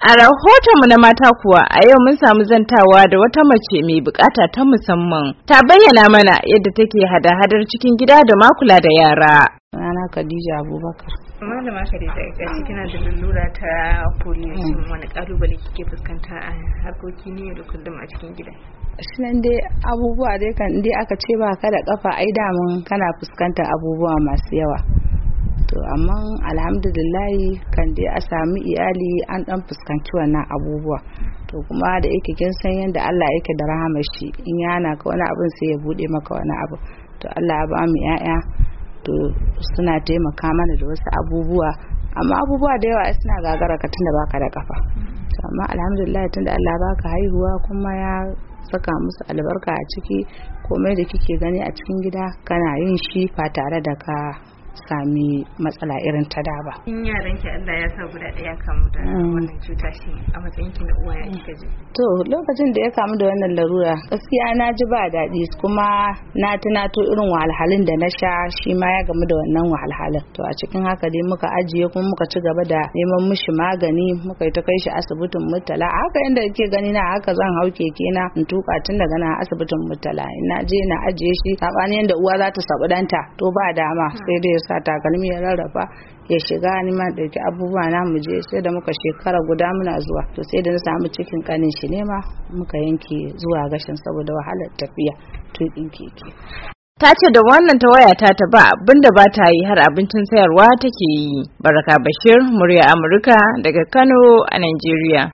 A rahotonmu na mata kuwa a yau mun samu zantawa da wata mace mai bukata ta musamman. Ta bayyana mana yadda take hada-hadar cikin gida da makula da yara. Rana Khadija Abubakar. Malama Khadija ya ce kina da lura ta polio wani kalubale kike fuskanta a harkoki ne da kullum a cikin gida. Sunan dai abubuwa dai kan dai aka ce ba ka da kafa ai damun kana fuskantar abubuwa masu yawa. to amma alhamdulillahi kan dai a sami iyali an dan fuskanci wannan abubuwa to kuma da yake kin san yadda Allah yake da rahama shi in yana ka wani abin sai ya bude maka wani abu to Allah ya ba mu yaya to suna taimaka mana da wasu abubuwa amma abubuwa da yawa suna gagara ka tunda baka da kafa to amma alhamdulillah tunda Allah baka haihuwa kuma ya saka musu albarka a ciki komai da kike gani a cikin gida kana yin shi ba tare da ka sami matsala irin ta da ba in yaran ki Allah ya sa guda daya kamu da mm. wannan cuta shi a matsayin ki na uwa ya kika ji to lokacin da ya kamu da wannan larura gaskiya na ji ba daɗi kuma na tunato irin wahalhalun da na sha shi ma ya gamu da wannan wahalhalun to a cikin haka dai muka ajiye kuma muka ci gaba da neman mishi magani muka yi ta kai shi asibitin murtala a haka inda ake gani na haka zan hau keke na in tuka tun daga na asibitin murtala ina je na ajiye shi sabanin yadda uwa za ta sabu danta to ba dama mm. sai dai sa takalmi ya rarrafa ya shiga ni ma ɗauki abubuwa na mu je sai da muka shekara guda muna zuwa to sai da na samu cikin kanin shi ne ma muka yanke zuwa gashin saboda wahalar tafiya tuƙin keke ta ce da wannan ta waya ta ta ba abinda da ba ta yi har abincin sayarwa take yi baraka bashir murya amurka daga kano a nigeria